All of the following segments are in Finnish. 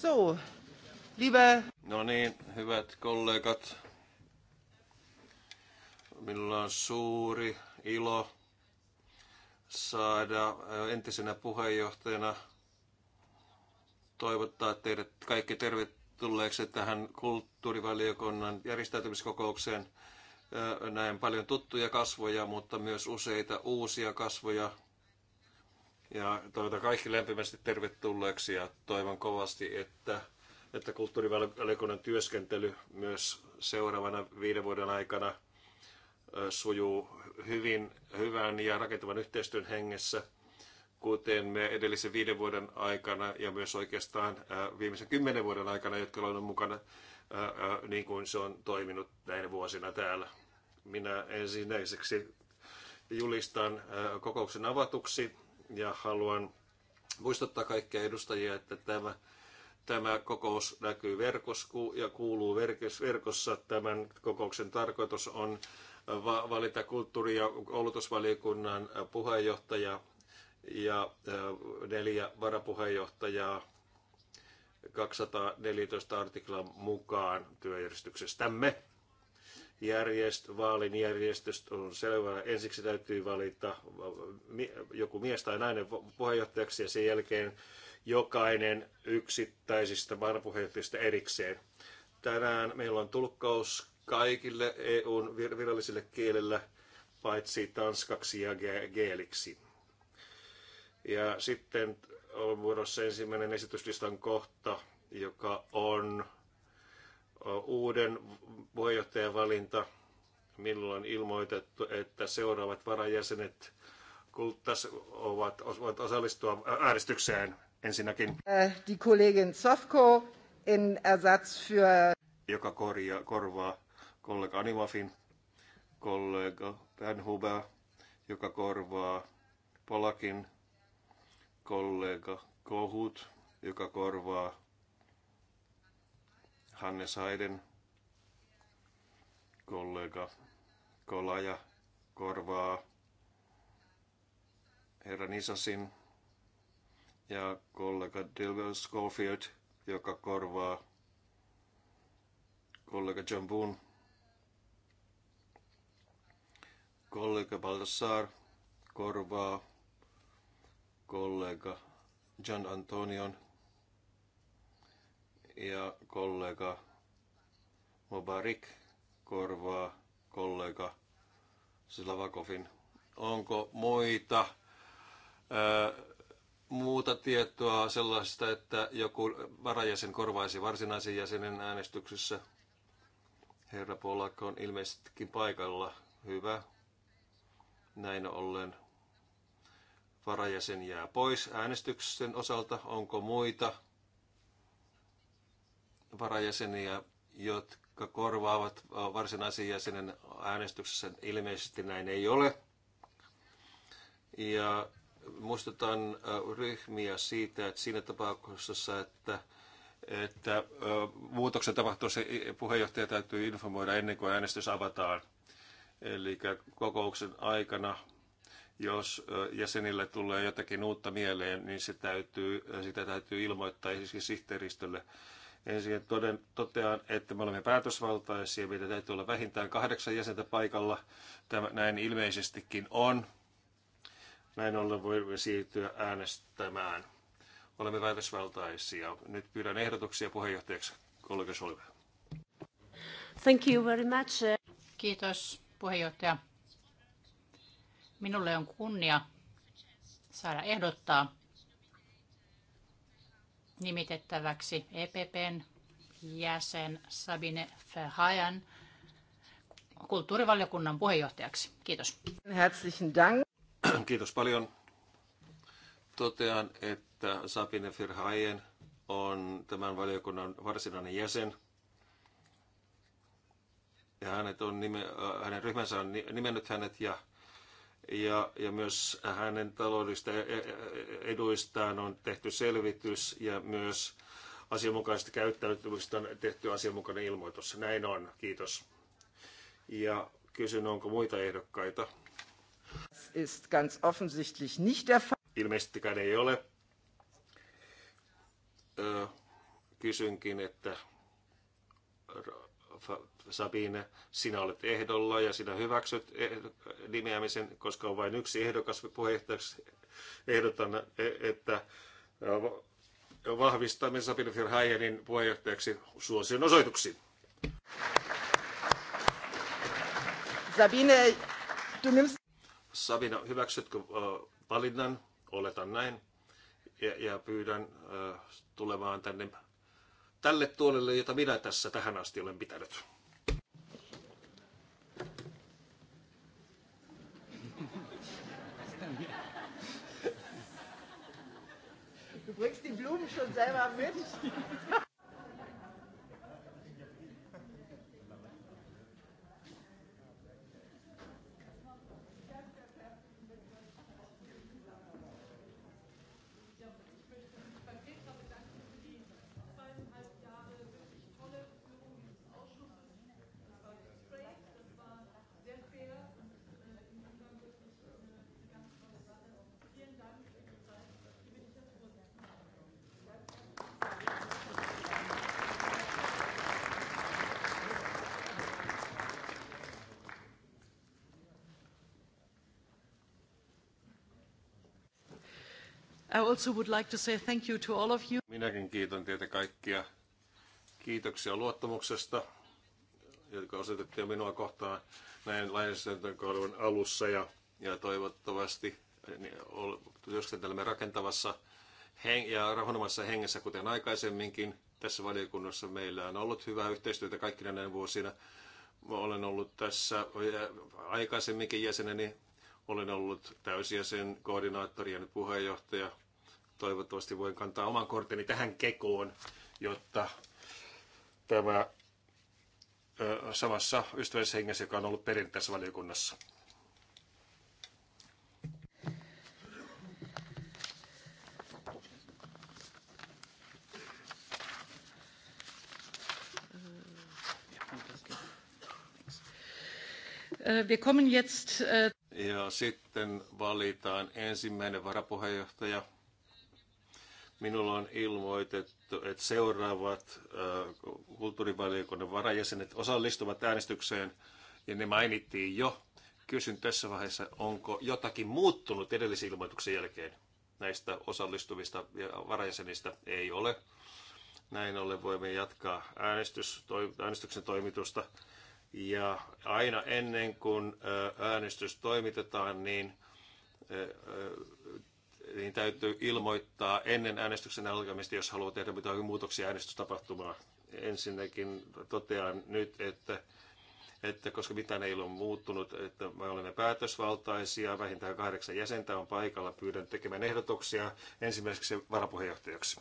So, live. No niin, hyvät kollegat. Minulla on suuri ilo saada äh, entisenä puheenjohtajana toivottaa teidät kaikki tervetulleeksi tähän kulttuurivaliokunnan järjestäytymiskokoukseen. Äh, näen paljon tuttuja kasvoja, mutta myös useita uusia kasvoja ja toivotan kaikki lämpimästi tervetulleeksi ja toivon kovasti, että, että kulttuurivaliokunnan työskentely myös seuraavana viiden vuoden aikana sujuu hyvin, hyvän ja rakentavan yhteistyön hengessä, kuten me edellisen viiden vuoden aikana ja myös oikeastaan viimeisen kymmenen vuoden aikana, jotka olemme mukana, niin kuin se on toiminut näinä vuosina täällä. Minä ensinnäiseksi julistan kokouksen avatuksi ja haluan muistuttaa kaikkia edustajia, että tämä, tämä kokous näkyy verkossa ja kuuluu verkossa. Tämän kokouksen tarkoitus on valita kulttuuri- ja koulutusvaliokunnan puheenjohtaja ja neljä varapuheenjohtajaa 214 artiklan mukaan työjärjestyksestämme järjest, vaalin järjestys on selvä. Ensiksi täytyy valita joku mies tai nainen puheenjohtajaksi ja sen jälkeen jokainen yksittäisistä varapuheenjohtajista erikseen. Tänään meillä on tulkkaus kaikille EUn virallisille kielillä, paitsi tanskaksi ja geeliksi. Ja sitten on vuorossa ensimmäinen esityslistan kohta, joka on uuden puheenjohtajan valinta. Minulle on ilmoitettu, että seuraavat varajäsenet kulttas ovat, ovat osallistua äänestykseen ensinnäkin. Äh, die Kollegin Sofko in Ersatz für... Joka korja, korvaa kollega Animafin, kollega Bernhuber, joka korvaa Polakin, kollega Kohut, joka korvaa Hannes Haiden, kollega Kolaja korvaa herra Nisasin ja kollega Dilwell Schofield, joka korvaa kollega Jambun, kollega Baltasar korvaa kollega John Antonion ja kollega Mubarik korvaa kollega Slavakovin. Onko muita ää, äh, muuta tietoa sellaista, että joku varajäsen korvaisi varsinaisen jäsenen äänestyksessä? Herra Polakko on ilmeisestikin paikalla. Hyvä. Näin ollen varajäsen jää pois äänestyksen osalta. Onko muita varajäseniä, jotka korvaavat varsinaisen jäsenen äänestyksessä. Ilmeisesti näin ei ole. Ja muistutan äh, ryhmiä siitä, että siinä tapauksessa, että että äh, muutoksen se puheenjohtaja täytyy informoida ennen kuin äänestys avataan. Eli kokouksen aikana, jos äh, jäsenille tulee jotakin uutta mieleen, niin se täytyy, sitä täytyy ilmoittaa esimerkiksi sihteeristölle Ensinnäkin toden, totean, että me olemme päätösvaltaisia, meitä täytyy olla vähintään kahdeksan jäsentä paikalla. Tämä, näin ilmeisestikin on. Näin ollen voimme siirtyä äänestämään. Olemme päätösvaltaisia. Nyt pyydän ehdotuksia puheenjohtajaksi kollega Solve. Thank you very much. Kiitos puheenjohtaja. Minulle on kunnia saada ehdottaa nimitettäväksi EPPn jäsen Sabine Verhaen kulttuurivaliokunnan puheenjohtajaksi. Kiitos. Herzlichen Dank. Kiitos paljon. Totean, että Sabine Verhaen on tämän valiokunnan varsinainen jäsen. Ja hänet on nime, äh, hänen ryhmänsä on nimennyt hänet ja ja, ja myös hänen taloudellista e, e, eduistaan on tehty selvitys ja myös asianmukaisesta käyttäytymistä on tehty asianmukainen ilmoitus. Näin on, kiitos. Ja kysyn, onko muita ehdokkaita? Ist ganz offensichtlich nicht der Fall. Ilmeisestikään ei ole. kysynkin, että Sabine, sinä olet ehdolla ja sinä hyväksyt eh- nimeämisen, koska on vain yksi ehdokas puheenjohtajaksi. Ehdotan, e- että vahvistamme Sabine Verheyenin puheenjohtajaksi suosion osoituksiin. Sabine, Sabine, hyväksytkö valinnan? Oletan näin. Ja, ja pyydän tulemaan tänne tälle tuolelle, jota minä tässä tähän asti olen pitänyt. Du bringst die Blumen schon selber mit. I also would like to say thank you to all of you. Minäkin kiitän teitä kaikkia. Kiitoksia luottamuksesta, jotka osoitettiin minua kohtaan näin lainsäädäntökauden alussa ja, ja toivottavasti niin, työskentelemme rakentavassa heng- ja rauhanomaisessa hengessä, kuten aikaisemminkin. Tässä valiokunnassa meillä on ollut hyvää yhteistyötä kaikkina näinä vuosina. Mä olen ollut tässä aikaisemminkin jäseneni. Olen ollut täysjäsen, koordinaattori ja nyt puheenjohtaja toivottavasti voin kantaa oman korteni tähän kekoon, jotta tämä ö, samassa ystävällisessä hengessä, joka on ollut perinteisessä valiokunnassa. kommen jetzt... Ja sitten valitaan ensimmäinen varapuheenjohtaja Minulla on ilmoitettu, että seuraavat kulttuurivaliokunnan varajäsenet osallistuvat äänestykseen, ja ne mainittiin jo. Kysyn tässä vaiheessa, onko jotakin muuttunut edellisen ilmoituksen jälkeen näistä osallistuvista varajäsenistä? Ei ole. Näin ollen voimme jatkaa äänestys, äänestyksen toimitusta. Ja aina ennen kuin äänestys toimitetaan, niin niin täytyy ilmoittaa ennen äänestyksen alkamista, jos haluaa tehdä mitään muutoksia äänestystapahtumaan. Ensinnäkin totean nyt, että, että koska mitään ei ole muuttunut, että me olemme päätösvaltaisia, vähintään kahdeksan jäsentä on paikalla, pyydän tekemään ehdotuksia ensimmäiseksi varapuheenjohtajaksi.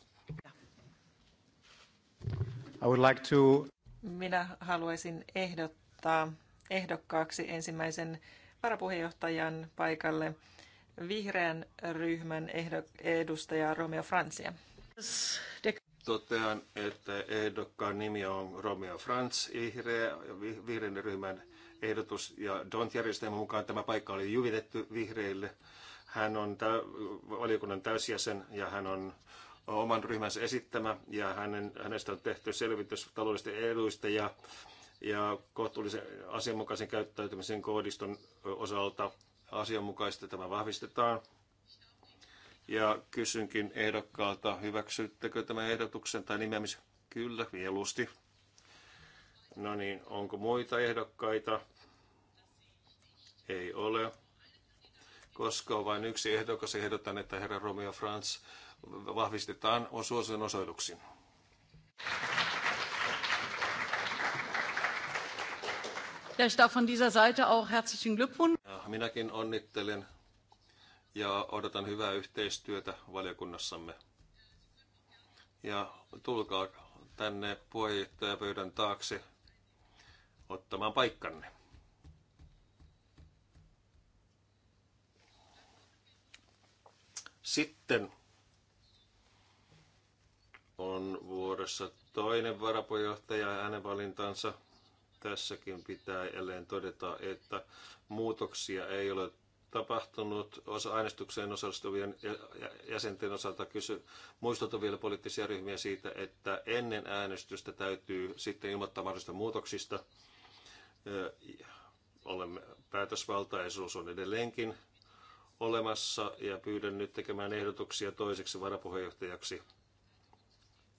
I would like to... Minä haluaisin ehdottaa ehdokkaaksi ensimmäisen varapuheenjohtajan paikalle vihreän ryhmän edustaja Romeo Francia. Totean, että ehdokkaan nimi on Romeo Franz, vihreä, vihreän ryhmän ehdotus ja DONT-järjestelmän mukaan tämä paikka oli juvitetty vihreille. Hän on tä- valiokunnan täysjäsen ja hän on oman ryhmänsä esittämä ja hänen, hänestä on tehty selvitys taloudellisista eduista ja, ja kohtuullisen asianmukaisen käyttäytymisen koodiston osalta asianmukaista tämä vahvistetaan. Ja kysynkin ehdokkaalta, hyväksyttekö tämän ehdotuksen tai nimeämisen? Kyllä, mieluusti. No niin, onko muita ehdokkaita? Ei ole. Koska on vain yksi ehdokas, ehdotan, että herra Romeo Franz vahvistetaan on suosion Ja, ich darf von dieser Seite auch herzlichen Glückwunsch. Minäkin onnittelen ja odotan hyvää yhteistyötä valiokunnassamme. Ja tulkaa tänne puheenjohtajapöydän taakse ottamaan paikkanne. Sitten on vuorossa toinen varapuheenjohtaja ja hänen valintansa – tässäkin pitää jälleen todeta, että muutoksia ei ole tapahtunut osa äänestykseen osallistuvien jäsenten osalta kysy, muistutan vielä poliittisia ryhmiä siitä, että ennen äänestystä täytyy sitten ilmoittaa mahdollisista muutoksista. Olemme, päätösvaltaisuus on edelleenkin olemassa ja pyydän nyt tekemään ehdotuksia toiseksi varapuheenjohtajaksi.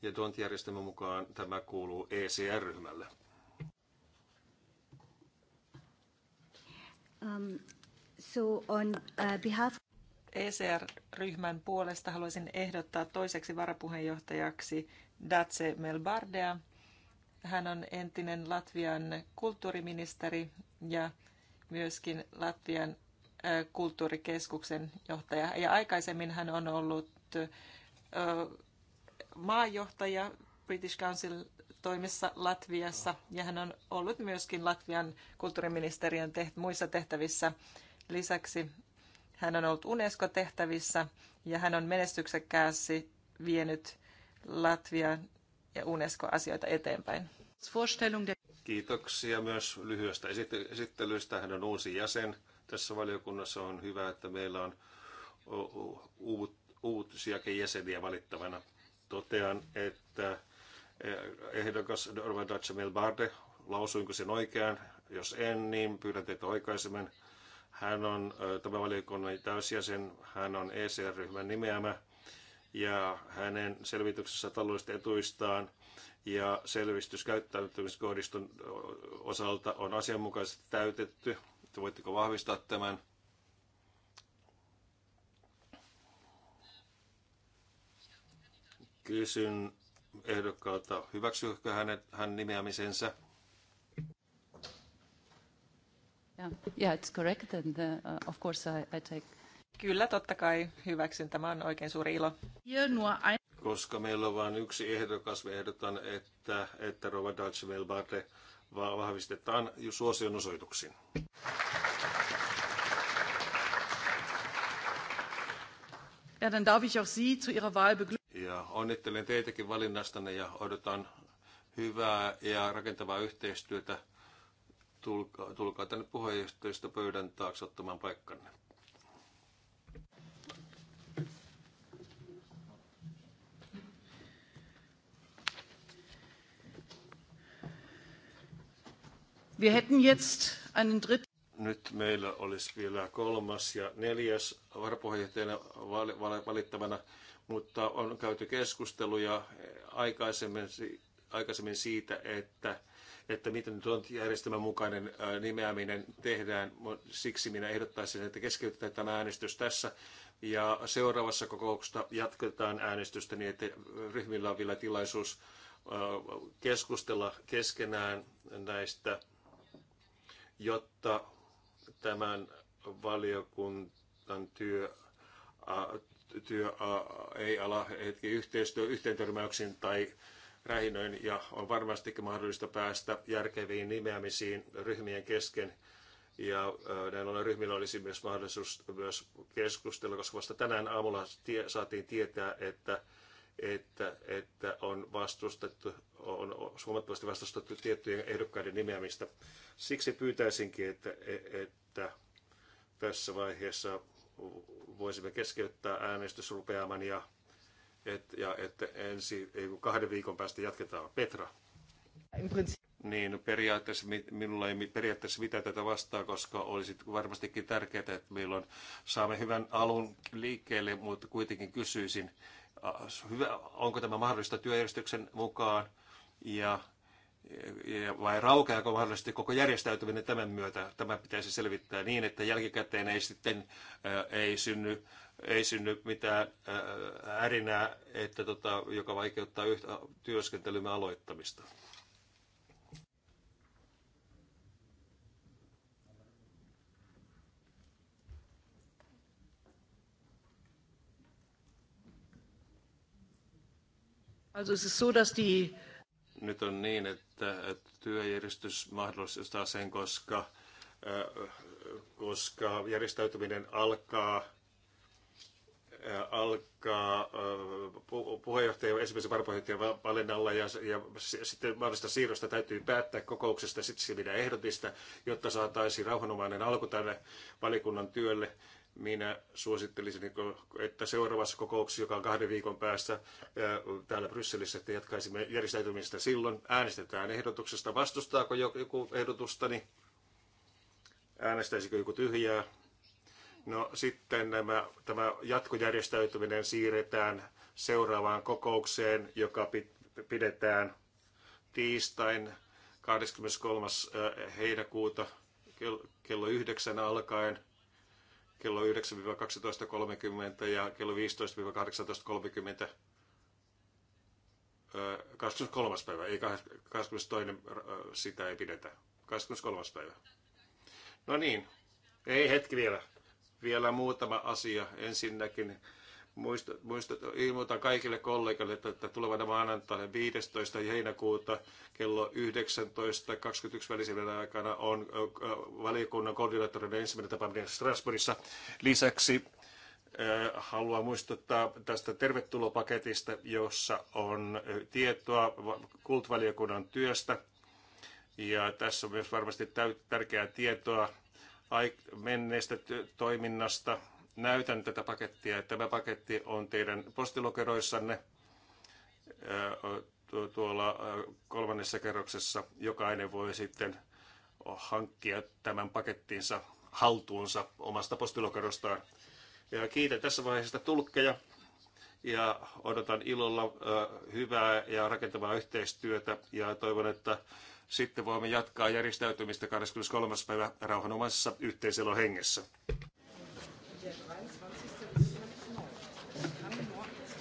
Ja tuon järjestelmän mukaan tämä kuuluu ECR-ryhmälle. Um, so on uh, behalf... ECR-ryhmän puolesta haluaisin ehdottaa toiseksi varapuheenjohtajaksi Dace Melbardea. Hän on entinen Latvian kulttuuriministeri ja myöskin Latvian äh, kulttuurikeskuksen johtaja. Ja aikaisemmin hän on ollut äh, maajohtaja British Council toimissa Latviassa ja hän on ollut myöskin Latvian kulttuuriministeriön teht- muissa tehtävissä. Lisäksi hän on ollut UNESCO-tehtävissä ja hän on menestyksekkäästi vienyt Latvian ja UNESCO-asioita eteenpäin. Kiitoksia myös lyhyestä esittelystä. Hän on uusi jäsen tässä valiokunnassa. On hyvä, että meillä on uut, uusiakin jäseniä valittavana. Totean, että ehdokas Norman Dutchamil Barde, lausuinko sen oikean? Jos en, niin pyydän teitä oikaisemmin. Hän on tämän valiokunnan täysjäsen, hän on ECR-ryhmän nimeämä ja hänen selvityksessä taloudellisista etuistaan ja selvitys käyttäytymiskohdiston osalta on asianmukaisesti täytetty. Te voitteko vahvistaa tämän? Kysyn ehdokkaalta, hyväksyykö hänet, hän nimeämisensä. Yeah, yeah it's correct and uh, uh, of course I, I take... Kyllä, totta kai hyväksyn. Tämä on oikein suuri ilo. Koska meillä on vain yksi ehdokas, me ehdotan, että, että Rova Dutch-Velbarte vahvistetaan suosion osoituksiin. Ja, dann darf ich auch Sie zu Ihrer Wahl ja onnittelen teitäkin valinnastanne ja odotan hyvää ja rakentavaa yhteistyötä. Tulkaa, tulkaa tänne puheenjohtajista pöydän taakse ottamaan paikkanne. Wir hätten jetzt einen dritten nyt meillä olisi vielä kolmas ja neljäs varapuheenjohtajana valittavana mutta on käyty keskusteluja aikaisemmin, aikaisemmin siitä, että, että miten järjestelmän mukainen nimeäminen tehdään. Siksi minä ehdottaisin, että keskeytetään tämä äänestys tässä ja seuraavassa kokouksessa jatketaan äänestystä niin, että ryhmillä on vielä tilaisuus keskustella keskenään näistä, jotta tämän valiokunnan työ työ ei ala hetki yhteistyö törmäyksin tai rähinöin ja on varmastikin mahdollista päästä järkeviin nimeämisiin ryhmien kesken. Ja näin ollen ryhmillä olisi myös mahdollisuus myös keskustella, koska vasta tänään aamulla tie, saatiin tietää, että, että, että on vastustettu, on huomattavasti vastustettu tiettyjen ehdokkaiden nimeämistä. Siksi pyytäisinkin, että, e, että tässä vaiheessa voisimme keskeyttää äänestysrupeaman ja, et, ja että ensi, ei kun kahden viikon päästä jatketaan. Petra. Niin, periaatteessa minulla ei periaatteessa mitään tätä vastaa, koska olisi varmastikin tärkeää, että on saamme hyvän alun liikkeelle, mutta kuitenkin kysyisin, onko tämä mahdollista työjärjestyksen mukaan ja vai raukeako mahdollisesti koko järjestäytyminen tämän myötä? Tämä pitäisi selvittää niin, että jälkikäteen ei sitten ei synny, ei synny mitään ärinää, että tota, joka vaikeuttaa yhtä työskentelymme aloittamista. Also es ist so, dass die nyt on niin, että työjärjestys mahdollistaa sen, koska, äh, koska järjestäytyminen alkaa äh, alkaa äh, puheenjohtajan esimerkiksi varapuheenjohtajan valinnalla ja, ja sitten mahdollista siirrosta täytyy päättää kokouksesta, sitten minä ehdotista, jotta saataisiin rauhanomainen alku tälle valikunnan työlle minä suosittelisin, niin että seuraavassa kokouksessa, joka on kahden viikon päästä täällä Brysselissä, että jatkaisimme järjestäytymistä silloin. Äänestetään ehdotuksesta. Vastustaako joku ehdotustani? Äänestäisikö joku tyhjää? No sitten nämä, tämä jatkojärjestäytyminen siirretään seuraavaan kokoukseen, joka pidetään tiistain 23. heinäkuuta kello 9 alkaen – kello 9-12.30 ja kello 15-18.30 23. päivä, ei 22. sitä ei pidetä. 23. päivä. No niin, ei hetki vielä. Vielä muutama asia. Ensinnäkin Muista muista ilmoitan kaikille kollegoille, että, että tulevana maanantaina 15. heinäkuuta kello 19.21 välisellä aikana on valiokunnan koordinaattorin ensimmäinen tapaaminen Strasbourgissa. Lisäksi haluan muistuttaa tästä tervetulopaketista, jossa on tietoa kultvaliokunnan työstä. Ja tässä on myös varmasti tärkeää tietoa menneestä toiminnasta, näytän tätä pakettia. Tämä paketti on teidän postilokeroissanne tuolla kolmannessa kerroksessa. Jokainen voi sitten hankkia tämän pakettinsa haltuunsa omasta postilokerostaan. Ja kiitän tässä vaiheessa tulkkeja ja odotan ilolla hyvää ja rakentavaa yhteistyötä ja toivon, että sitten voimme jatkaa järjestäytymistä 23. päivä rauhanomaisessa yhteiselohengessä. hengessä diagram.